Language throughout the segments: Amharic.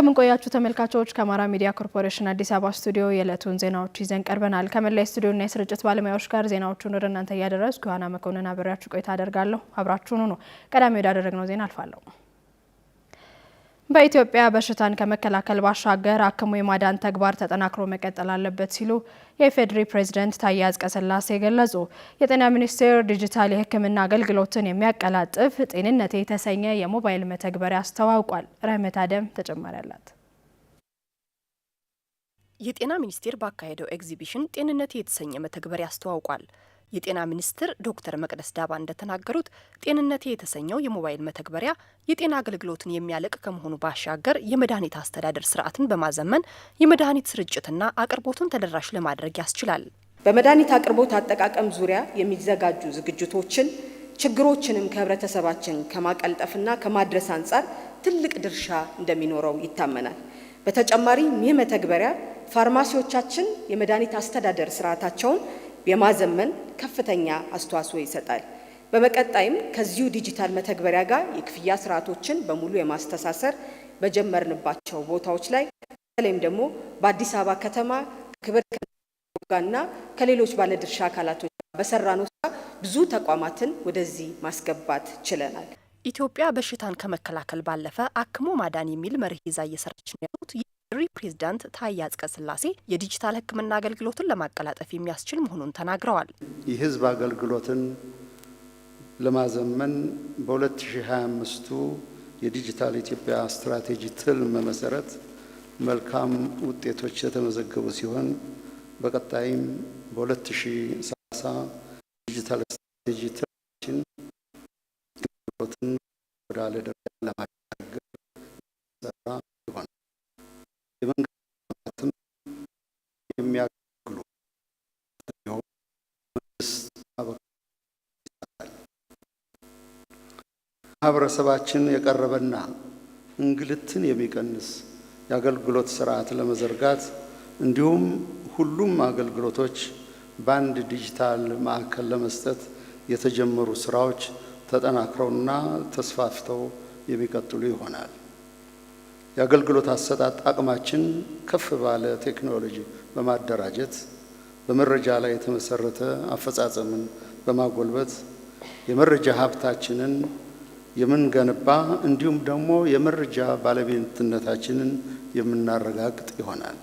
እንደምንቆያችሁ ተመልካቾች፣ ከአማራ ሚዲያ ኮርፖሬሽን አዲስ አበባ ስቱዲዮ የዕለቱን ዜናዎች ይዘን ቀርበናል። ከመላይ ስቱዲዮና የስርጭት ባለሙያዎች ጋር ዜናዎቹን ወደ እናንተ እያደረስኩ ዮሐና መኮንን አብሬያችሁ ቆይታ አደርጋለሁ። አብራችሁን ሁኑ። ቀዳሚ ወዳደረግነው ዜና አልፋለሁ። በኢትዮጵያ በሽታን ከመከላከል ባሻገር አክሞ የማዳን ተግባር ተጠናክሮ መቀጠል አለበት ሲሉ የኢፌዴሪ ፕሬዚደንት ታዬ አጽቀሥላሴ ገለጹ። የጤና ሚኒስቴር ዲጂታል የሕክምና አገልግሎትን የሚያቀላጥፍ ጤንነቴ የተሰኘ የሞባይል መተግበሪያ አስተዋውቋል። ረህመት አደም ተጨማሪ አላት። የጤና ሚኒስቴር ባካሄደው ኤግዚቢሽን ጤንነቴ የተሰኘ መተግበሪያ አስተዋውቋል። የጤና ሚኒስትር ዶክተር መቅደስ ዳባ እንደተናገሩት ጤንነቴ የተሰኘው የሞባይል መተግበሪያ የጤና አገልግሎትን የሚያለቅ ከመሆኑ ባሻገር የመድኃኒት አስተዳደር ስርዓትን በማዘመን የመድኃኒት ስርጭትና አቅርቦትን ተደራሽ ለማድረግ ያስችላል። በመድኃኒት አቅርቦት አጠቃቀም ዙሪያ የሚዘጋጁ ዝግጅቶችን ችግሮችንም ከህብረተሰባችን ከማቀልጠፍና ከማድረስ አንጻር ትልቅ ድርሻ እንደሚኖረው ይታመናል። በተጨማሪ ይህ መተግበሪያ ፋርማሲዎቻችን የመድኃኒት አስተዳደር ስርዓታቸውን የማዘመን ከፍተኛ አስተዋጽኦ ይሰጣል። በመቀጣይም ከዚሁ ዲጂታል መተግበሪያ ጋር የክፍያ ስርዓቶችን በሙሉ የማስተሳሰር በጀመርንባቸው ቦታዎች ላይ በተለይም ደግሞ በአዲስ አበባ ከተማ ክብር ጋርና ከሌሎች ባለድርሻ አካላቶች በሰራነው ስራ ብዙ ተቋማትን ወደዚህ ማስገባት ችለናል። ኢትዮጵያ በሽታን ከመከላከል ባለፈ አክሞ ማዳን የሚል መርህ ይዛ እየሰራች ነው ያሉት ሪ ፕሬዚዳንት ታዬ አጽቀሥላሴ የዲጂታል ሕክምና አገልግሎትን ለማቀላጠፍ የሚያስችል መሆኑን ተናግረዋል። የህዝብ አገልግሎትን ለማዘመን በ2025ቱ የዲጂታል ኢትዮጵያ ስትራቴጂ ትልም መሰረት መልካም ውጤቶች የተመዘገቡ ሲሆን በቀጣይም በ2030 ዲጂታል ስትራቴጂ ትልማችን አገልግሎትን ወደ አለ ደረጃ ለማ ለማህበረሰባችን የቀረበና እንግልትን የሚቀንስ የአገልግሎት ስርዓት ለመዘርጋት እንዲሁም ሁሉም አገልግሎቶች በአንድ ዲጂታል ማዕከል ለመስጠት የተጀመሩ ስራዎች ተጠናክረውና ተስፋፍተው የሚቀጥሉ ይሆናል። የአገልግሎት አሰጣጥ አቅማችን ከፍ ባለ ቴክኖሎጂ በማደራጀት በመረጃ ላይ የተመሰረተ አፈጻጸምን በማጎልበት የመረጃ ሀብታችንን የምንገነባ እንዲሁም ደግሞ የመረጃ ባለቤትነታችንን የምናረጋግጥ ይሆናል።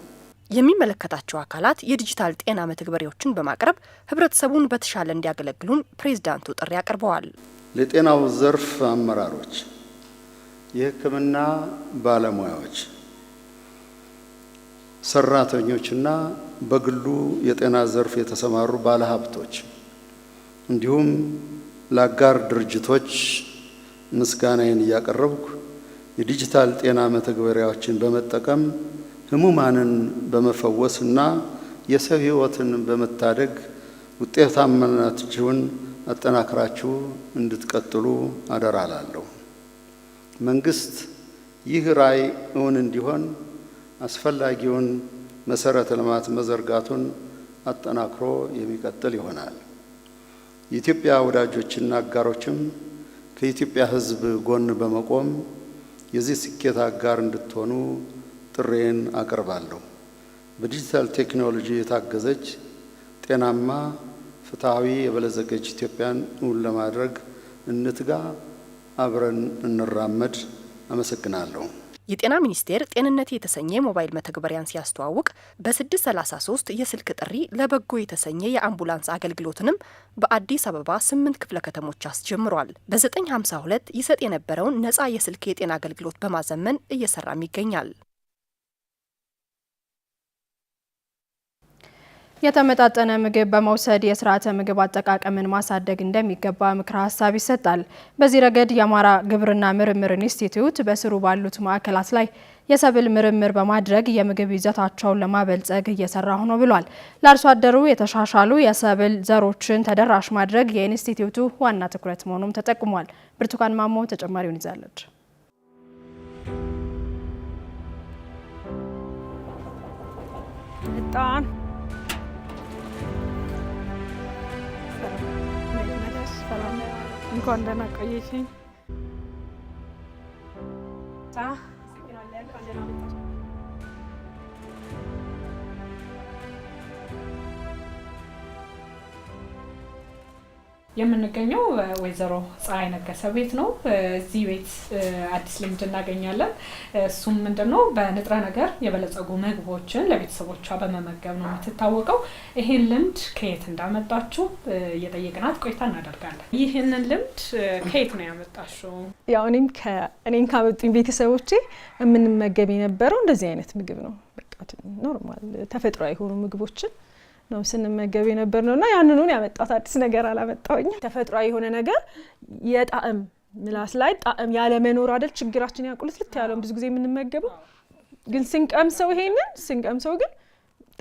የሚመለከታቸው አካላት የዲጂታል ጤና መተግበሪያዎችን በማቅረብ ህብረተሰቡን በተሻለ እንዲያገለግሉም ፕሬዚዳንቱ ጥሪ አቅርበዋል። ለጤናው ዘርፍ አመራሮች፣ የህክምና ባለሙያዎች፣ ሰራተኞችና በግሉ የጤና ዘርፍ የተሰማሩ ባለሀብቶች እንዲሁም ለአጋር ድርጅቶች ምስጋናዬን እያቀረብኩ የዲጂታል ጤና መተግበሪያዎችን በመጠቀም ህሙማንን በመፈወስ እና የሰው ህይወትን በመታደግ ውጤታማነታችሁን አጠናክራችሁ እንድትቀጥሉ አደራላለሁ። መንግስት ይህ ራዕይ እውን እንዲሆን አስፈላጊውን መሰረተ ልማት መዘርጋቱን አጠናክሮ የሚቀጥል ይሆናል። የኢትዮጵያ ወዳጆችና አጋሮችም ከኢትዮጵያ ሕዝብ ጎን በመቆም የዚህ ስኬት አጋር እንድትሆኑ ጥሬን አቀርባለሁ። በዲጂታል ቴክኖሎጂ የታገዘች ጤናማ፣ ፍትሐዊ፣ የበለጸገች ኢትዮጵያን እውን ለማድረግ እንትጋ፣ አብረን እንራመድ። አመሰግናለሁ። የጤና ሚኒስቴር ጤንነቴ የተሰኘ ሞባይል መተግበሪያን ሲያስተዋውቅ በ633 የስልክ ጥሪ ለበጎ የተሰኘ የአምቡላንስ አገልግሎትንም በአዲስ አበባ ስምንት ክፍለ ከተሞች አስጀምሯል። በ952 ይሰጥ የነበረውን ነፃ የስልክ የጤና አገልግሎት በማዘመን እየሰራም ይገኛል። የተመጣጠነ ምግብ በመውሰድ የስርዓተ ምግብ አጠቃቀምን ማሳደግ እንደሚገባ ምክረ ሀሳብ ይሰጣል። በዚህ ረገድ የአማራ ግብርና ምርምር ኢንስቲትዩት በስሩ ባሉት ማዕከላት ላይ የሰብል ምርምር በማድረግ የምግብ ይዘታቸውን ለማበልጸግ እየሰራ ሆኖ ብሏል። ለአርሶ አደሩ የተሻሻሉ የሰብል ዘሮችን ተደራሽ ማድረግ የኢንስቲትዩቱ ዋና ትኩረት መሆኑም ተጠቁሟል። ብርቱካን ማሞ ተጨማሪውን ይዛለች። ጣን እንኳን ደህና ቆየሽኝ። የምንገኘው ወይዘሮ ፀሐይ ነገሰ ቤት ነው። እዚህ ቤት አዲስ ልምድ እናገኛለን። እሱም ምንድን ነው በንጥረ ነገር የበለጸጉ ምግቦችን ለቤተሰቦቿ በመመገብ ነው የምትታወቀው። ይህን ልምድ ከየት እንዳመጣችሁ እየጠየቅናት ቆይታ እናደርጋለን። ይህንን ልምድ ከየት ነው ያመጣችሁ? ያው እኔም እኔን ካመጡኝ ቤተሰቦቼ የምንመገብ የነበረው እንደዚህ አይነት ምግብ ነው። በቃ ኖርማል ተፈጥሯዊ የሆኑ ምግቦችን ነው ስንመገብ የነበር ነው እና ያንኑን ያመጣት አዲስ ነገር አላመጣውኝ። ተፈጥሯዊ የሆነ ነገር የጣዕም ምላስ ላይ ጣዕም ያለመኖር አደል ችግራችን ያቁልት ልት ያለውን ብዙ ጊዜ የምንመገበው ግን ስንቀምሰው ይሄንን ስንቀምሰው ግን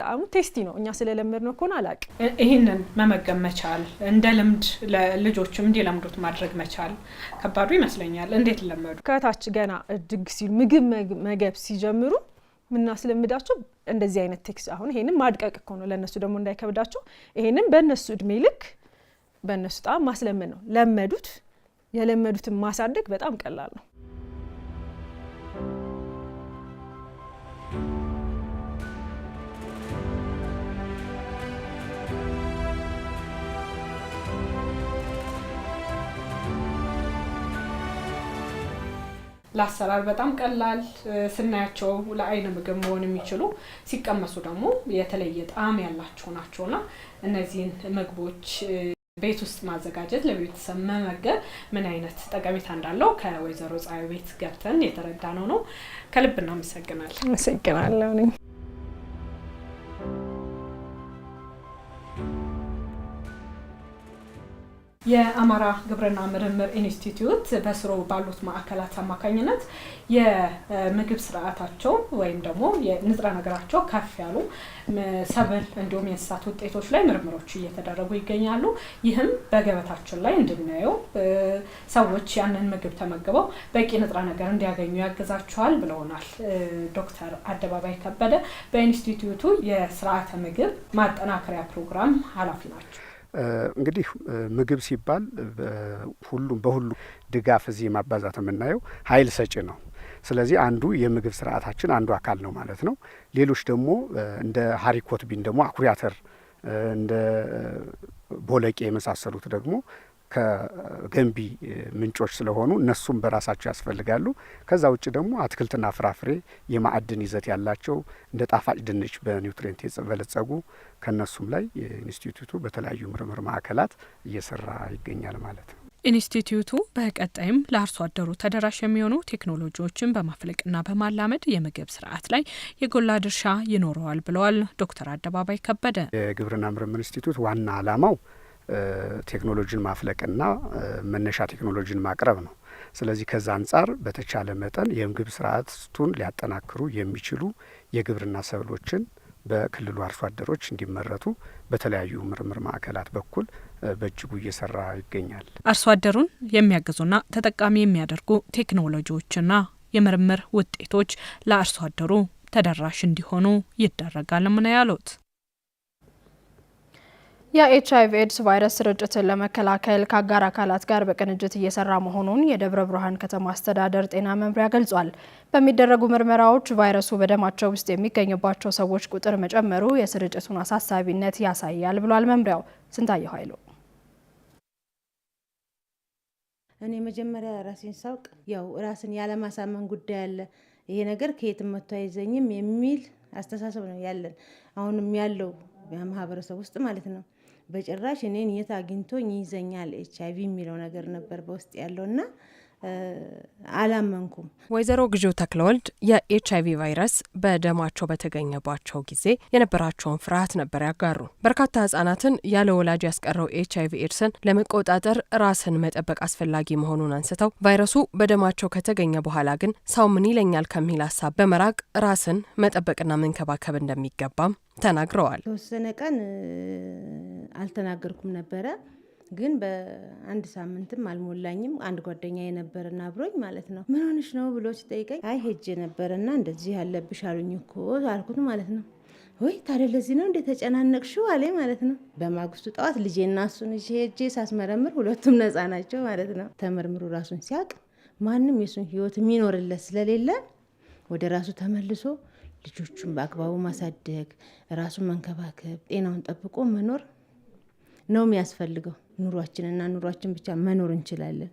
ጣዕሙ ቴስቲ ነው። እኛ ስለለመድ ነው ከሆነ አላቅ ይህንን መመገብ መቻል እንደ ልምድ ለልጆችም እንዲለምዱት ማድረግ መቻል ከባዱ ይመስለኛል። እንዴት ለመዱ? ከታች ገና እድግ ሲሉ ምግብ መገብ ሲጀምሩ ምናስለምዳቸው እንደዚህ አይነት ቴክስ አሁን ይሄንን ማድቀቅ እኮ ነው። ለእነሱ ደግሞ እንዳይከብዳቸው ይሄንን በእነሱ እድሜ ልክ በእነሱ ጣም ማስለመድ ነው። ለመዱት። የለመዱትን ማሳደግ በጣም ቀላል ነው። ለአሰራር በጣም ቀላል ስናያቸው ለአይን ምግብ መሆን የሚችሉ ሲቀመሱ ደግሞ የተለየ ጣዕም ያላቸው ናቸውና እነዚህን ምግቦች ቤት ውስጥ ማዘጋጀት ለቤተሰብ መመገብ ምን አይነት ጠቀሜታ እንዳለው ከወይዘሮ ፀሐይ ቤት ገብተን የተረዳ ነው። ከልብ እናመሰግናለን። አመሰግናለሁ። የአማራ ግብርና ምርምር ኢንስቲትዩት በስሩ ባሉት ማዕከላት አማካኝነት የምግብ ስርዓታቸው ወይም ደግሞ የንጥረ ነገራቸው ከፍ ያሉ ሰብል እንዲሁም የእንስሳት ውጤቶች ላይ ምርምሮች እየተደረጉ ይገኛሉ። ይህም በገበታችን ላይ እንድናየው ሰዎች ያንን ምግብ ተመግበው በቂ ንጥረ ነገር እንዲያገኙ ያግዛቸዋል ብለውናል ዶክተር አደባባይ ከበደ በኢንስቲትዩቱ የስርዓተ ምግብ ማጠናከሪያ ፕሮግራም ኃላፊ ናቸው። እንግዲህ ምግብ ሲባል ሁሉም በሁሉ ድጋፍ እዚህ ማባዛት የምናየው ኃይል ሰጪ ነው። ስለዚህ አንዱ የምግብ ስርዓታችን አንዱ አካል ነው ማለት ነው። ሌሎች ደግሞ እንደ ሀሪኮት ቢን ደግሞ አኩሪ አተር እንደ ቦለቄ የመሳሰሉት ደግሞ ከገንቢ ምንጮች ስለሆኑ እነሱም በራሳቸው ያስፈልጋሉ። ከዛ ውጭ ደግሞ አትክልትና ፍራፍሬ የማዕድን ይዘት ያላቸው እንደ ጣፋጭ ድንች በኒውትሪንት የበለጸጉ ከእነሱም ላይ ኢንስቲትዩቱ በተለያዩ ምርምር ማዕከላት እየሰራ ይገኛል ማለት ነው። ኢንስቲትዩቱ በቀጣይም ለአርሶ አደሩ ተደራሽ የሚሆኑ ቴክኖሎጂዎችን በማፍለቅና በማላመድ የምግብ ስርዓት ላይ የጎላ ድርሻ ይኖረዋል ብለዋል ዶክተር አደባባይ ከበደ። የግብርና ምርምር ኢንስቲትዩት ዋና ዓላማው ቴክኖሎጂን ማፍለቅና መነሻ ቴክኖሎጂን ማቅረብ ነው። ስለዚህ ከዛ አንጻር በተቻለ መጠን የምግብ ስርዓቱን ሊያጠናክሩ የሚችሉ የግብርና ሰብሎችን በክልሉ አርሶ አደሮች እንዲመረቱ በተለያዩ ምርምር ማዕከላት በኩል በእጅጉ እየሰራ ይገኛል። አርሶ አደሩን የሚያግዙና ተጠቃሚ የሚያደርጉ ቴክኖሎጂዎችና የምርምር ውጤቶች ለአርሶ አደሩ ተደራሽ እንዲሆኑ ይደረጋል ምን ያሉት። የኤች አይቪ ኤድስ ቫይረስ ስርጭትን ለመከላከል ከአጋር አካላት ጋር በቅንጅት እየሰራ መሆኑን የደብረ ብርሃን ከተማ አስተዳደር ጤና መምሪያ ገልጿል። በሚደረጉ ምርመራዎች ቫይረሱ በደማቸው ውስጥ የሚገኝባቸው ሰዎች ቁጥር መጨመሩ የስርጭቱን አሳሳቢነት ያሳያል ብሏል መምሪያው። ስንታየሁ ኃይሉ እኔ መጀመሪያ ራሴን ሳውቅ ያው ራስን ያለማሳመን ጉዳይ አለ። ይሄ ነገር ከየትም መጥቶ አይዘኝም የሚል አስተሳሰብ ነው ያለን አሁንም ያለው ማህበረሰብ ውስጥ ማለት ነው። በጭራሽ እኔን የት አግኝቶኝ ይዘኛል ኤች አይቪ የሚለው ነገር ነበር በውስጥ ያለው እና አላመንኩም። ወይዘሮ ግዢው ተክለወልድ የኤች አይቪ ቫይረስ በደማቸው በተገኘባቸው ጊዜ የነበራቸውን ፍርሃት ነበር ያጋሩ። በርካታ ህጻናትን ያለ ወላጅ ያስቀረው ኤች አይቪ ኤድስን ለመቆጣጠር ራስን መጠበቅ አስፈላጊ መሆኑን አንስተው ቫይረሱ በደማቸው ከተገኘ በኋላ ግን ሰው ምን ይለኛል ከሚል ሀሳብ በመራቅ ራስን መጠበቅና መንከባከብ እንደሚገባም ተናግረዋል። የተወሰነ ቀን አልተናገርኩም ነበረ ግን በአንድ ሳምንትም አልሞላኝም አንድ ጓደኛ የነበረና አብሮኝ ማለት ነው ምን ሆንሽ ነው ብሎ ሲጠይቀኝ አይ ሄጅ ነበረና እንደዚህ ያለብሽ አሉኝ እኮ አልኩት ማለት ነው ወይ ታዲያ ለዚህ ነው እንዴ ተጨናነቅሽው አለ ማለት ነው። በማግስቱ ጠዋት ልጄና እሱን ይዤ ሄጄ ሳስመረምር ሁለቱም ነፃ ናቸው ማለት ነው። ተመርምሮ ራሱን ሲያውቅ ማንም የሱን ህይወት የሚኖርለት ስለሌለ ወደ ራሱ ተመልሶ ልጆቹን በአግባቡ ማሳደግ፣ ራሱን መንከባከብ፣ ጤናውን ጠብቆ መኖር ነው የሚያስፈልገው። ኑሯችንና ኑሯችን ብቻ መኖር እንችላለን።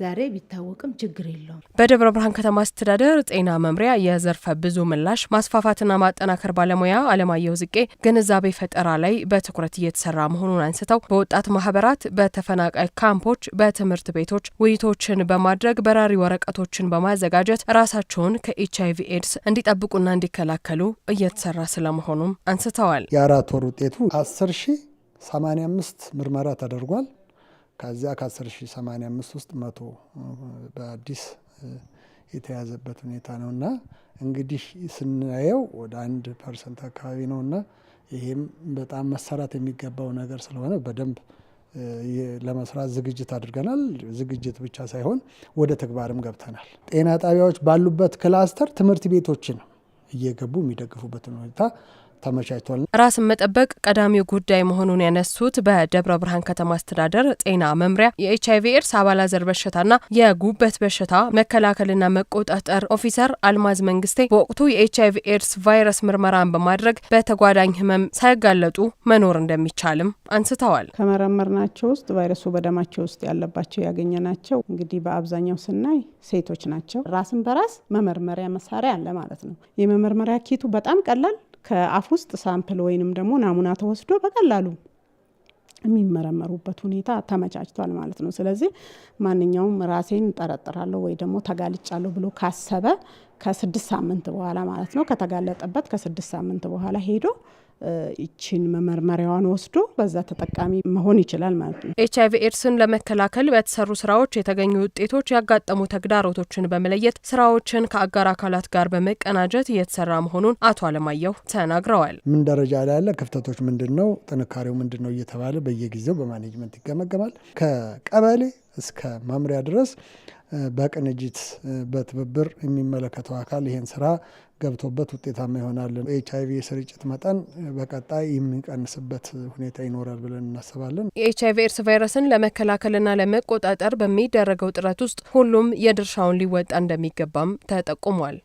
ዛሬ ቢታወቅም ችግር የለውም። በደብረ ብርሃን ከተማ አስተዳደር ጤና መምሪያ የዘርፈ ብዙ ምላሽ ማስፋፋትና ማጠናከር ባለሙያ አለማየሁ ዝቄ ግንዛቤ ፈጠራ ላይ በትኩረት እየተሰራ መሆኑን አንስተው በወጣት ማህበራት፣ በተፈናቃይ ካምፖች፣ በትምህርት ቤቶች ውይይቶችን በማድረግ በራሪ ወረቀቶችን በማዘጋጀት ራሳቸውን ከኤች አይቪ ኤድስ እንዲጠብቁና እንዲከላከሉ እየተሰራ ስለመሆኑም አንስተዋል። የአራት ወር ውጤቱ አስር ሺህ 85 ምርመራ ተደርጓል። ከዚያ ከ1085 ውስጥ መቶ በአዲስ የተያዘበት ሁኔታ ነው እና እንግዲህ ስናየው ወደ አንድ ፐርሰንት አካባቢ ነው እና ይህም በጣም መሰራት የሚገባው ነገር ስለሆነ በደንብ ለመስራት ዝግጅት አድርገናል። ዝግጅት ብቻ ሳይሆን ወደ ተግባርም ገብተናል። ጤና ጣቢያዎች ባሉበት ክላስተር ትምህርት ቤቶችን እየገቡ የሚደግፉበትን ሁኔታ ተመቻችቷል። ራስን መጠበቅ ቀዳሚው ጉዳይ መሆኑን ያነሱት በደብረ ብርሃን ከተማ አስተዳደር ጤና መምሪያ የኤች አይቪ ኤድስ አባላዘር በሽታና የጉበት በሽታ መከላከልና መቆጣጠር ኦፊሰር አልማዝ መንግስቴ በወቅቱ የኤች አይቪ ኤድስ ቫይረስ ምርመራን በማድረግ በተጓዳኝ ህመም ሳይጋለጡ መኖር እንደሚቻልም አንስተዋል። ከመረመርናቸው ውስጥ ቫይረሱ በደማቸው ውስጥ ያለባቸው ያገኘ ናቸው እንግዲህ በአብዛኛው ስናይ ሴቶች ናቸው። ራስን በራስ መመርመሪያ መሳሪያ አለ ማለት ነው። የመመርመሪያ ኪቱ በጣም ቀላል ከአፍ ውስጥ ሳምፕል ወይንም ደግሞ ናሙና ተወስዶ በቀላሉ የሚመረመሩበት ሁኔታ ተመቻችቷል ማለት ነው። ስለዚህ ማንኛውም ራሴን ጠረጥራለሁ ወይ ደግሞ ተጋልጫለሁ ብሎ ካሰበ ከስድስት ሳምንት በኋላ ማለት ነው ከተጋለጠበት ከስድስት ሳምንት በኋላ ሄዶ ይችን መመርመሪያዋን ወስዶ በዛ ተጠቃሚ መሆን ይችላል ማለት ነው። ኤች አይቪ ኤድስን ለመከላከል በተሰሩ ስራዎች የተገኙ ውጤቶች ያጋጠሙ ተግዳሮቶችን በመለየት ስራዎችን ከአጋር አካላት ጋር በመቀናጀት እየተሰራ መሆኑን አቶ አለማየሁ ተናግረዋል። ምን ደረጃ ላይ ያለ ክፍተቶች ምንድን ነው፣ ጥንካሬው ምንድን ነው እየተባለ በየጊዜው በማኔጅመንት ይገመገማል። ከቀበሌ እስከ መምሪያ ድረስ በቅንጅት በትብብር የሚመለከተው አካል ይህን ስራ ገብቶበት ውጤታማ ይሆናል። ኤች አይቪ የስርጭት መጠን በቀጣይ የሚቀንስበት ሁኔታ ይኖራል ብለን እናስባለን። የኤች አይቪ ኤድስ ቫይረስን ለመከላከልና ለመቆጣጠር በሚደረገው ጥረት ውስጥ ሁሉም የድርሻውን ሊወጣ እንደሚገባም ተጠቁሟል።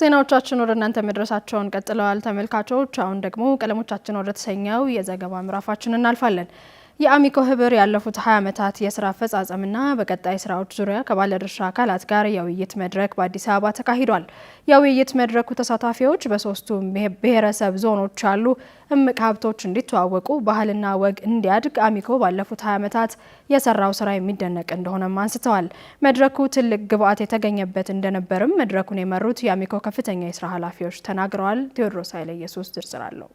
ዜናዎቻችን ወደ እናንተ መድረሳቸውን ቀጥለዋል ተመልካቾች። አሁን ደግሞ ቀለሞቻችን ወደ ተሰኘው የዘገባ ምዕራፋችን እናልፋለን። የአሚኮ ህብር ያለፉት 20 ዓመታት የስራ አፈጻጸምና በቀጣይ ስራዎች ዙሪያ ከባለድርሻ አካላት ጋር የውይይት መድረክ በአዲስ አበባ ተካሂዷል። የውይይት መድረኩ ተሳታፊዎች በሶስቱ ብሔረሰብ ዞኖች ያሉ እምቅ ሀብቶች እንዲተዋወቁ፣ ባህልና ወግ እንዲያድግ አሚኮ ባለፉት 20 ዓመታት የሰራው ስራ የሚደነቅ እንደሆነም አንስተዋል። መድረኩ ትልቅ ግብዓት የተገኘበት እንደነበርም መድረኩን የመሩት የአሚኮ ከፍተኛ የስራ ኃላፊዎች ተናግረዋል። ቴዎድሮስ ኃይለ ኢየሱስ ዝርዝር አለው።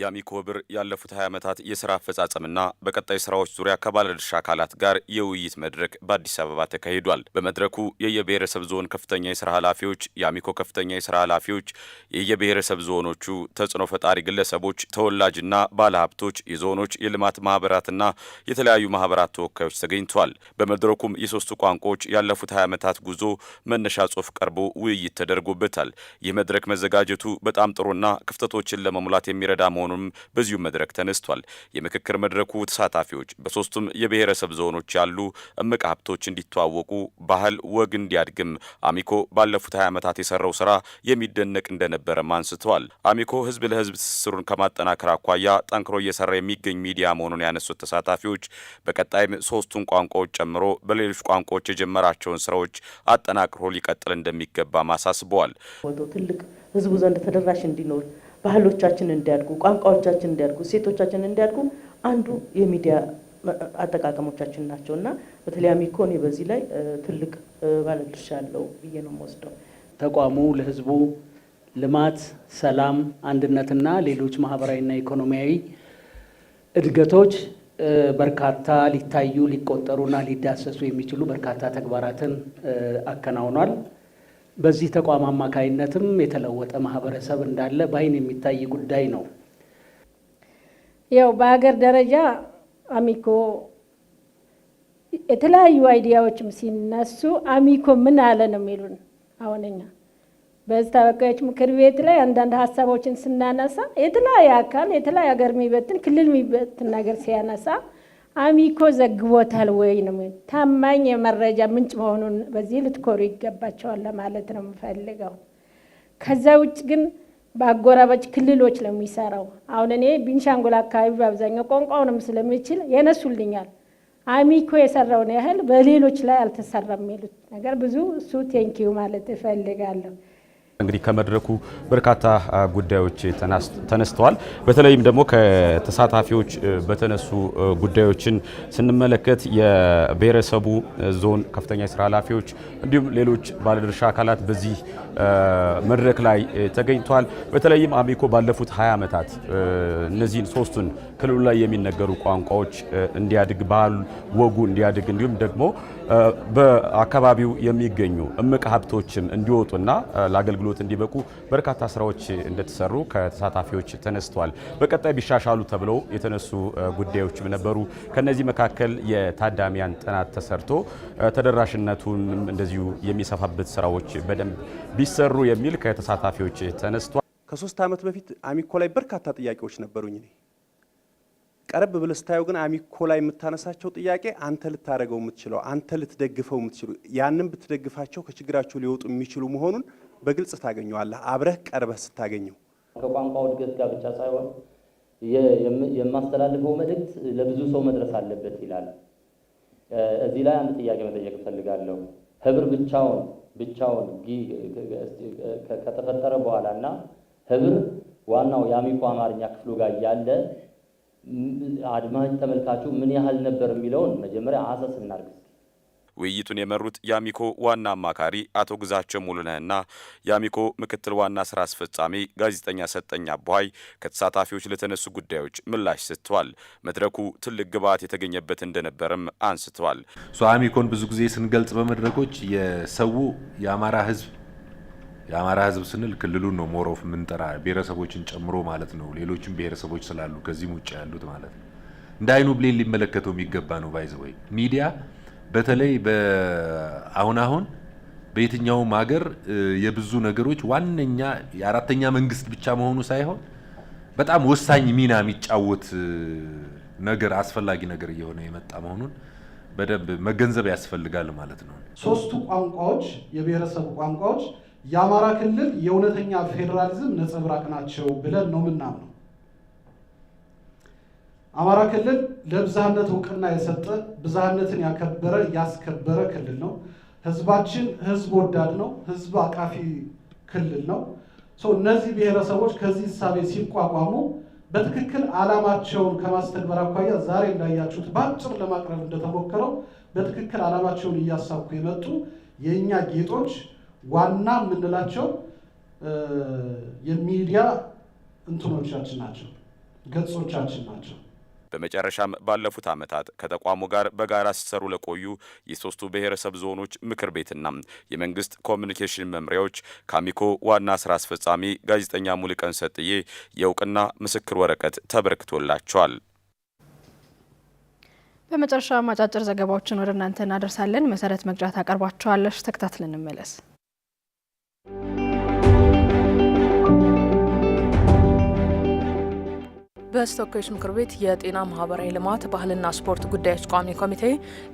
የአሚኮ ህብር ያለፉት 20 ዓመታት የሥራ አፈጻጸምና በቀጣይ ስራዎች ዙሪያ ከባለድርሻ አካላት ጋር የውይይት መድረክ በአዲስ አበባ ተካሂዷል። በመድረኩ የየብሔረሰብ ዞን ከፍተኛ የሥራ ኃላፊዎች፣ የአሚኮ ከፍተኛ የሥራ ኃላፊዎች፣ የየብሔረሰብ ዞኖቹ ተጽዕኖ ፈጣሪ ግለሰቦች፣ ተወላጅና ባለሀብቶች፣ የዞኖች የልማት ማኅበራትና የተለያዩ ማኅበራት ተወካዮች ተገኝተዋል። በመድረኩም የሦስቱ ቋንቋዎች ያለፉት 20 ዓመታት ጉዞ መነሻ ጽሑፍ ቀርቦ ውይይት ተደርጎበታል። ይህ መድረክ መዘጋጀቱ በጣም ጥሩና ክፍተቶችን ለመሙላት የሚረዳ መሆኑ መሆኑንም በዚሁ መድረክ ተነስቷል። የምክክር መድረኩ ተሳታፊዎች በሶስቱም የብሔረሰብ ዞኖች ያሉ እምቅ ሀብቶች እንዲተዋወቁ፣ ባህል ወግ እንዲያድግም አሚኮ ባለፉት 20 ዓመታት የሰራው ስራ የሚደነቅ እንደነበረም አንስተዋል። አሚኮ ህዝብ ለህዝብ ትስስሩን ከማጠናከር አኳያ ጠንክሮ እየሰራ የሚገኝ ሚዲያ መሆኑን ያነሱት ተሳታፊዎች በቀጣይም ሶስቱን ቋንቋዎች ጨምሮ በሌሎች ቋንቋዎች የጀመራቸውን ስራዎች አጠናክሮ ሊቀጥል እንደሚገባ ማሳስበዋል። ትልቅ ህዝቡ ዘንድ ተደራሽ እንዲኖር ባህሎቻችን እንዲያድጉ፣ ቋንቋዎቻችን እንዲያድጉ፣ ሴቶቻችን እንዲያድጉ አንዱ የሚዲያ አጠቃቀሞቻችን ናቸው እና በተለይ አሚኮ እኔ በዚህ ላይ ትልቅ ባለድርሻ አለው ብዬ ነው የምወስደው። ተቋሙ ለህዝቡ ልማት፣ ሰላም፣ አንድነትና ሌሎች ማህበራዊና ኢኮኖሚያዊ እድገቶች በርካታ ሊታዩ ሊቆጠሩና ሊዳሰሱ የሚችሉ በርካታ ተግባራትን አከናውኗል። በዚህ ተቋም አማካይነትም የተለወጠ ማህበረሰብ እንዳለ በአይን የሚታይ ጉዳይ ነው። ያው በሀገር ደረጃ አሚኮ የተለያዩ አይዲያዎችም ሲነሱ አሚኮ ምን አለ ነው የሚሉን። አሁን እኛ በህዝብ ተወካዮች ምክር ቤት ላይ አንዳንድ ሀሳቦችን ስናነሳ የተለያየ አካል የተለያየ ሀገር የሚበትን ክልል የሚበትን ነገር ሲያነሳ አሚኮ ዘግቦታል ወይ ነው ታማኝ የመረጃ ምንጭ መሆኑን በዚህ ልትኮሩ ይገባቸዋል ለማለት ነው የምፈልገው። ከዛ ውጭ ግን በአጎራባች ክልሎች የሚሰራው። አሁን እኔ ቢንሻንጉል አካባቢ በአብዛኛው ቋንቋውንም ስለምችል የነሱልኛል። አሚኮ የሰራውን ያህል በሌሎች ላይ አልተሰራም የሚሉት ነገር ብዙ እሱ ቴንኪዩ ማለት እፈልጋለሁ። እንግዲህ ከመድረኩ በርካታ ጉዳዮች ተነስተዋል። በተለይም ደግሞ ከተሳታፊዎች በተነሱ ጉዳዮችን ስንመለከት የብሔረሰቡ ዞን ከፍተኛ የስራ ኃላፊዎች እንዲሁም ሌሎች ባለድርሻ አካላት በዚህ መድረክ ላይ ተገኝተዋል። በተለይም አሚኮ ባለፉት 20 ዓመታት እነዚህን ሶስቱን ክልሉ ላይ የሚነገሩ ቋንቋዎች እንዲያድግ ባህል ወጉ እንዲያድግ እንዲሁም ደግሞ በአካባቢው የሚገኙ እምቅ ሀብቶችም እንዲወጡና ለአገልግሎት እንዲበቁ በርካታ ስራዎች እንደተሰሩ ከተሳታፊዎች ተነስተዋል። በቀጣይ ቢሻሻሉ ተብለው የተነሱ ጉዳዮችም ነበሩ። ከነዚህ መካከል የታዳሚያን ጥናት ተሰርቶ ተደራሽነቱን እንደዚሁ የሚሰፋበት ስራዎች በደንብ ቢሰሩ የሚል ከተሳታፊዎች ተነስቷል። ከሶስት ዓመት በፊት አሚኮ ላይ በርካታ ጥያቄዎች ነበሩኝ። ቀረብ ብለህ ስታየው ግን አሚኮ ላይ የምታነሳቸው ጥያቄ አንተ ልታደርገው የምትችለው አንተ ልትደግፈው የምትችሉ ያንን ብትደግፋቸው ከችግራቸው ሊወጡ የሚችሉ መሆኑን በግልጽ ታገኘዋለህ። አብረህ ቀርበህ ስታገኘው ከቋንቋው እድገት ጋር ብቻ ሳይሆን የማስተላልፈው መልእክት ለብዙ ሰው መድረስ አለበት ይላል። እዚህ ላይ አንድ ጥያቄ መጠየቅ እፈልጋለሁ። ህብር ብቻውን ብቻውን ከተፈጠረ በኋላ እና ህብር ዋናው የአሚኮ አማርኛ ክፍሉ ጋር ያለ አድማጭ ተመልካቹ ምን ያህል ነበር የሚለውን መጀመሪያ አሰስ እናድርግ። ውይይቱን የመሩት የአሚኮ ዋና አማካሪ አቶ ግዛቸው ሙሉነህና የአሚኮ ምክትል ዋና ስራ አስፈጻሚ ጋዜጠኛ ሰጠኛ አቧይ ከተሳታፊዎች ለተነሱ ጉዳዮች ምላሽ ሰጥተዋል። መድረኩ ትልቅ ግብዓት የተገኘበት እንደነበርም አንስተዋል። አሚኮን ብዙ ጊዜ ስንገልጽ በመድረኮች የሰው የአማራ ህዝብ የአማራ ህዝብ ስንል ክልሉን ነው ሞሮፍ የምንጠራ ብሔረሰቦችን ጨምሮ ማለት ነው። ሌሎችም ብሔረሰቦች ስላሉ ከዚህም ውጭ ያሉት ማለት ነው። እንደ አይኑ ብሌን ሊመለከተው የሚገባ ነው። ባይዘወይ ሚዲያ በተለይ አሁን አሁን በየትኛውም ሀገር የብዙ ነገሮች ዋነኛ የአራተኛ መንግስት ብቻ መሆኑ ሳይሆን በጣም ወሳኝ ሚና የሚጫወት ነገር አስፈላጊ ነገር እየሆነ የመጣ መሆኑን በደንብ መገንዘብ ያስፈልጋል ማለት ነው። ሶስቱ ቋንቋዎች የብሔረሰቡ ቋንቋዎች የአማራ ክልል የእውነተኛ ፌዴራሊዝም ነጸብራቅ ናቸው ብለን ነው ምናምነው። አማራ ክልል ለብዝሃነት እውቅና የሰጠ ብዝሃነትን ያከበረ ያስከበረ ክልል ነው። ህዝባችን ህዝብ ወዳድ ነው። ህዝብ አቃፊ ክልል ነው። እነዚህ ብሔረሰቦች ከዚህ እሳቤ ሲቋቋሙ በትክክል ዓላማቸውን ከማስተግበር አኳያ ዛሬ እንዳያችሁት በአጭር ለማቅረብ እንደተሞከረው በትክክል ዓላማቸውን እያሳኩ የመጡ የእኛ ጌጦች ዋና የምንላቸው የሚዲያ እንትኖቻችን ናቸው፣ ገጾቻችን ናቸው። በመጨረሻም ባለፉት ዓመታት ከተቋሙ ጋር በጋራ ሲሰሩ ለቆዩ የሶስቱ ብሔረሰብ ዞኖች ምክር ቤትና የመንግስት ኮሚኒኬሽን መምሪያዎች ካሚኮ ዋና ስራ አስፈጻሚ ጋዜጠኛ ሙልቀን ሰጥዬ የእውቅና ምስክር ወረቀት ተበርክቶላቸዋል። በመጨረሻ አጫጭር ዘገባዎችን ወደ እናንተ እናደርሳለን። መሰረት መግጫት አቀርባቸዋለች። ተከታትለን እንመለስ። you በተወካዮች ምክር ቤት የጤና ማህበራዊ ልማት ባህልና ስፖርት ጉዳዮች ቋሚ ኮሚቴ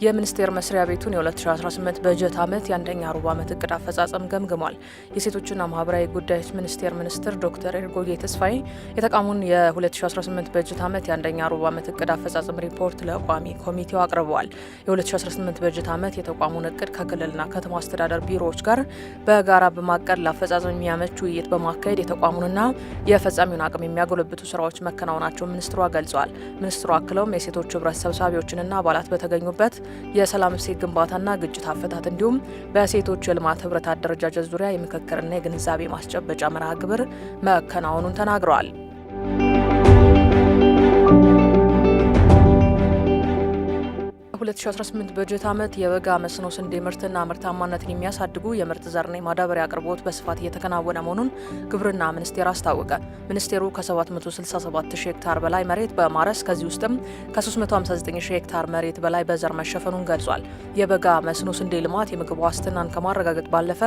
የሚኒስቴር መስሪያ ቤቱን የ2018 በጀት ዓመት የአንደኛ ሩብ ዓመት እቅድ አፈጻጸም ገምግሟል። የሴቶችና ማህበራዊ ጉዳዮች ሚኒስቴር ሚኒስትር ዶክተር ኤርጎጌ ተስፋዬ የተቋሙን የ2018 በጀት ዓመት የአንደኛ ሩብ ዓመት እቅድ አፈጻጸም ሪፖርት ለቋሚ ኮሚቴው አቅርበዋል። የ2018 በጀት ዓመት የተቋሙን እቅድ ከክልልና ከተማ አስተዳደር ቢሮዎች ጋር በጋራ በማቀድ ለአፈጻጸም የሚያመች ውይይት በማካሄድ የተቋሙንና የፈጻሚውን አቅም የሚያጎለብቱ ስራዎች መከናወናል መሆናቸው ሚኒስትሯ ገልጿል። ሚኒስትሩ አክለውም የሴቶች ህብረት ሰብሳቢዎችንና አባላት በተገኙበት የሰላም እሴት ግንባታና ግጭት አፈታት እንዲሁም በሴቶች የልማት ህብረት አደረጃጀት ዙሪያ የምክክርና የግንዛቤ ማስጨበጫ መርሃ ግብር መከናወኑን ተናግረዋል። 2018 በጀት ዓመት የበጋ መስኖ ስንዴ ምርትና ምርታማነትን የሚያሳድጉ የምርት ዘርና የማዳበሪያ አቅርቦት በስፋት እየተከናወነ መሆኑን ግብርና ሚኒስቴር አስታወቀ። ሚኒስቴሩ ከ767 ሺህ ሄክታር በላይ መሬት በማረስ ከዚህ ውስጥም ከ359 ሺህ ሄክታር መሬት በላይ በዘር መሸፈኑን ገልጿል። የበጋ መስኖ ስንዴ ልማት የምግብ ዋስትናን ከማረጋገጥ ባለፈ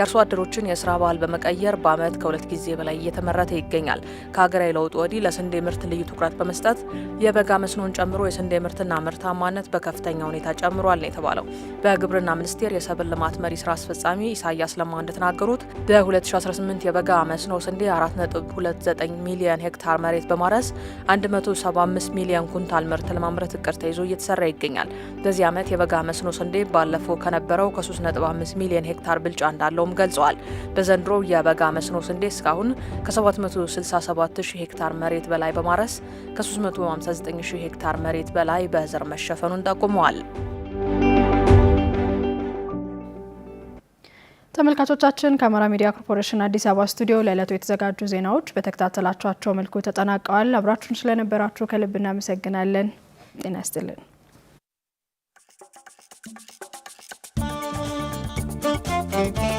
የአርሶ አደሮችን የስራ ባህል በመቀየር በዓመት ከሁለት ጊዜ በላይ እየተመረተ ይገኛል። ከሀገራዊ ለውጥ ወዲህ ለስንዴ ምርት ልዩ ትኩረት በመስጠት የበጋ መስኖን ጨምሮ የስንዴ ምርትና ምርታማነት በከ በከፍተኛ ሁኔታ ጨምሯል ነው የተባለው። በግብርና ሚኒስቴር የሰብል ልማት መሪ ስራ አስፈጻሚ ኢሳያስ ለማ እንደተናገሩት በ2018 የበጋ መስኖ ስንዴ 429 ሚሊዮን ሄክታር መሬት በማረስ 175 ሚሊዮን ኩንታል ምርት ለማምረት እቅድ ተይዞ እየተሰራ ይገኛል። በዚህ ዓመት የበጋ መስኖ ስንዴ ባለፈው ከነበረው ከ3.5 ሚሊዮን ሄክታር ብልጫ እንዳለውም ገልጸዋል። በዘንድሮ የበጋ መስኖ ስንዴ እስካሁን ከ767 ሄክታር መሬት በላይ በማረስ ከ359 ሄክታር መሬት በላይ በዘር መሸፈኑን ጠቁ ጠቁመዋል። ተመልካቾቻችን ከአማራ ሚዲያ ኮርፖሬሽን አዲስ አበባ ስቱዲዮ ለዕለቱ የተዘጋጁ ዜናዎች በተከታተላችኋቸው መልኩ ተጠናቀዋል። አብራችሁን ስለነበራችሁ ከልብ እናመሰግናለን። ጤና ይስጥልን።